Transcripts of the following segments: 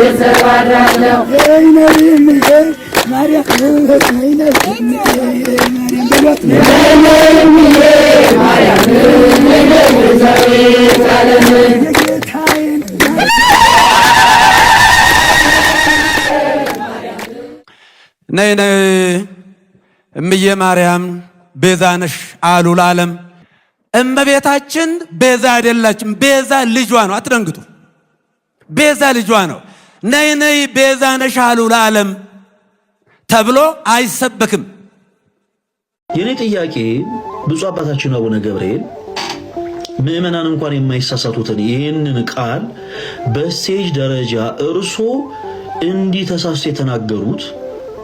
ነይ ነይ እምዬ ማርያም ቤዛ ነሽ አሉ ለዓለም። እመቤታችን ቤዛ አይደላችም። ቤዛ ልጇ ነው። አትደንግጡ። ቤዛ ልጇ ነው። ነይ ነይ ቤዛ ነሽ አሉ ለዓለም ተብሎ አይሰበክም። የእኔ ጥያቄ ብዙ አባታችን አቡነ ገብርኤል ምእመናን እንኳን የማይሳሳቱትን ይህንን ቃል በስቴጅ ደረጃ እርሶ እንዲህ ተሳስቶ የተናገሩት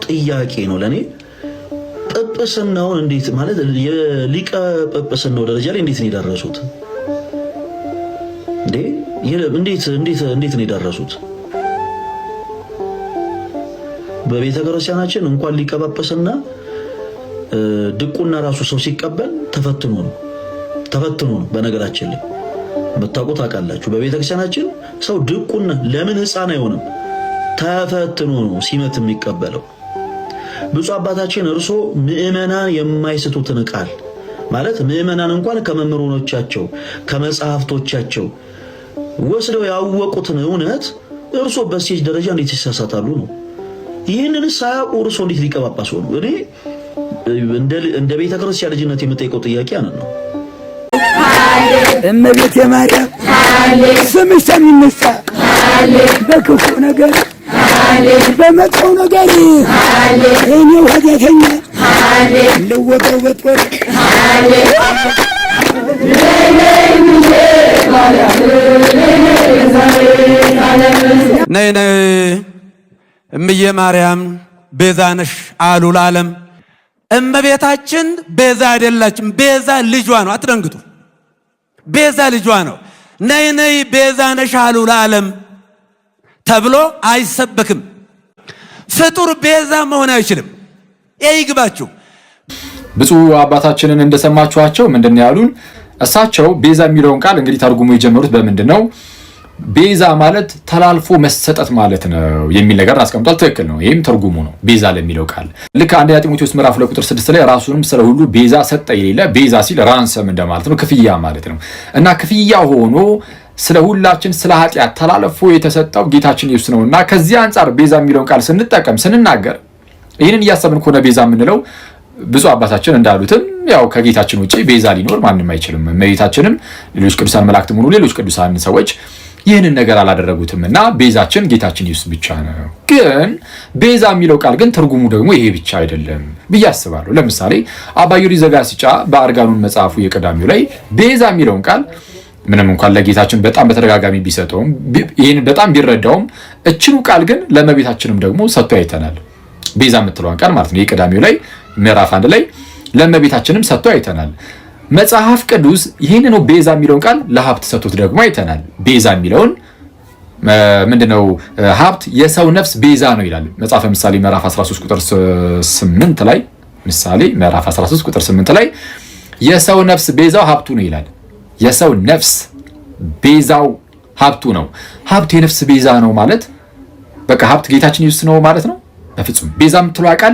ጥያቄ ነው ለእኔ። ጵጵስናውን እንዴት ማለት የሊቀ ጵጵስናው ደረጃ ላይ እንዴት ነው የደረሱት? እንዴት ነው የደረሱት? በቤተ ክርስቲያናችን እንኳን ሊቀባበስና ድቁና ራሱ ሰው ሲቀበል ተፈትኖ ነው ተፈትኖ ነው። በነገራችን ላይ ብታውቁት ታውቃላችሁ። በቤተ ክርስቲያናችን ሰው ድቁና ለምን ሕፃን አይሆንም? ተፈትኖ ነው ሲመት የሚቀበለው። ብፁዕ አባታችን እርሶ ምእመናን የማይስቱትን ቃል ማለት ምእመናን እንኳን ከመምሮኖቻቸው ከመጽሐፍቶቻቸው ወስደው ያወቁትን እውነት እርሶ በሴች ደረጃ እንዴት ይሳሳታሉ ነው ይህንን ሳያውቁ እርሶ እንዴት ሊቀ ጳጳስ ሆኑ? እኔ እንደ ቤተ ክርስቲያን ልጅነት የምጠይቀው ጥያቄ አነ ነው። እመቤት የማርያም ስምሽ ተሚነሳ በክፉ ነገር በመጥፎ ነገር እኔው ኃጢአተኛ ልወቀው በጦር ነይ ነይ እምዬ ማርያም ቤዛ ነሽ አሉ ለዓለም። እመቤታችን ቤዛ አይደላችም። ቤዛ ልጇ ነው። አትደንግጡ። ቤዛ ልጇ ነው። ነይ ነይ ቤዛ ነሽ አሉ ለዓለም ተብሎ አይሰበክም። ፍጡር ቤዛ መሆን አይችልም። ይግባችሁ። ብፁዕ አባታችንን እንደሰማችኋቸው ምንድን ነው ያሉን? እሳቸው ቤዛ የሚለውን ቃል እንግዲህ ተርጉሞ የጀመሩት በምንድን ነው ቤዛ ማለት ተላልፎ መሰጠት ማለት ነው የሚል ነገር አስቀምጧል። ትክክል ነው። ይህም ትርጉሙ ነው ቤዛ ለሚለው ቃል ልክ አንደኛ ጢሞቴዎስ ምዕራፍ ሁለት ቁጥር ስድስት ላይ ራሱንም ስለ ሁሉ ቤዛ ሰጠ የሌለ ቤዛ ሲል ራንሰም እንደማለት ነው፣ ክፍያ ማለት ነው እና ክፍያ ሆኖ ስለ ሁላችን ስለ ኃጢአት ተላልፎ የተሰጠው ጌታችን ኢየሱስ ነው እና ከዚህ አንጻር ቤዛ የሚለውን ቃል ስንጠቀም ስንናገር ይህንን እያሰብን ከሆነ ቤዛ የምንለው ብዙ አባታችን እንዳሉትም ያው ከጌታችን ውጭ ቤዛ ሊኖር ማንም አይችልም። እመቤታችንም ሌሎች ቅዱሳን መላእክትም ሆኑ ሌሎች ቅዱሳን ሰዎች ይህንን ነገር አላደረጉትም እና ቤዛችን ጌታችን ኢየሱስ ብቻ ነው። ግን ቤዛ የሚለው ቃል ግን ትርጉሙ ደግሞ ይሄ ብቻ አይደለም ብዬ አስባለሁ። ለምሳሌ አባ ዮሪ ዘጋስጫ በአርጋኑን መጽሐፉ የቀዳሚው ላይ ቤዛ የሚለውን ቃል ምንም እንኳን ለጌታችን በጣም በተደጋጋሚ ቢሰጠውም ይህን በጣም ቢረዳውም እችኑ ቃል ግን ለመቤታችንም ደግሞ ሰጥቶ አይተናል። ቤዛ የምትለዋን ቃል ማለት ነው። የቀዳሚው ላይ ምዕራፍ አንድ ላይ ለመቤታችንም ሰጥቶ አይተናል። መጽሐፍ ቅዱስ ይህንኑ ቤዛ የሚለውን ቃል ለሀብት ሰጥቶት ደግሞ አይተናል። ቤዛ የሚለውን ምንድነው? ሀብት የሰው ነፍስ ቤዛ ነው ይላል መጽሐፈ ምሳሌ ምዕራፍ 13 ቁጥር 8 ላይ ምሳሌ ምዕራፍ 13 ቁጥር 8 ላይ የሰው ነፍስ ቤዛው ሀብቱ ነው ይላል። የሰው ነፍስ ቤዛው ሀብቱ ነው። ሀብት የነፍስ ቤዛ ነው ማለት በቃ ሀብት ጌታችን ኢየሱስ ነው ማለት ነው? በፍጹም ቤዛ የምትለዋ ቃል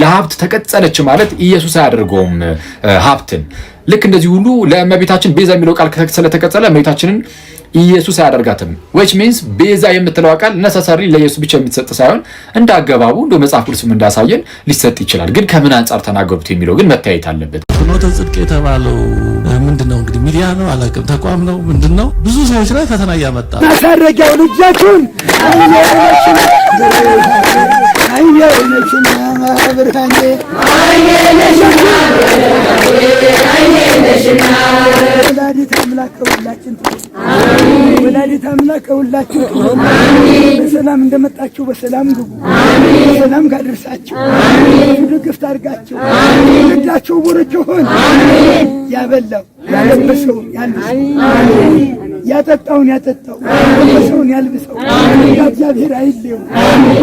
ለሀብት ተቀጸለች ማለት ኢየሱስ አያደርገውም ሀብትን ልክ እንደዚህ ሁሉ ለእመቤታችን ቤዛ የሚለው ቃል ስለተቀጸለ እመቤታችንን ኢየሱስ አያደርጋትም። ዊች ሚንስ ቤዛ የምትለው ቃል ነሰሰሪ ለኢየሱስ ብቻ የምትሰጥ ሳይሆን እንደ አገባቡ እንደ መጽሐፍ ቅዱስም እንዳሳየን ሊሰጥ ይችላል። ግን ከምን አንጻር ተናገሩት የሚለው ግን መታየት አለበት። ፍኖተ ጽድቅ የተባለው ምንድን ነው? እንግዲህ ሚዲያ ነው አላውቅም፣ ተቋም ነው ምንድን ነው? ብዙ ሰዎች ላይ ፈተና እያመጣ ማሳረጊያውን እጃችሁን አየነችና ማብርሃኔ አየነችና ወላዲት አምላክ ከሁላችን ትሁን። ወላዲት አምላክ ከሁላችን በሰላም እንደመጣችሁ በሰላም ግቡ። በሰላም ካደርሳችሁ ክፍት አድርጋችሁ ልዳችሁ ውርጅ ሆን ያበላው ያልብሰው ያጠጣውን ያጠጣው ያለበሰውን ያልብሰው እግዚአብሔር አይሌው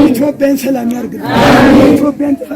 ኢትዮጵያን ሰላም ያርግልን። ኢትዮጵያን ጥፋት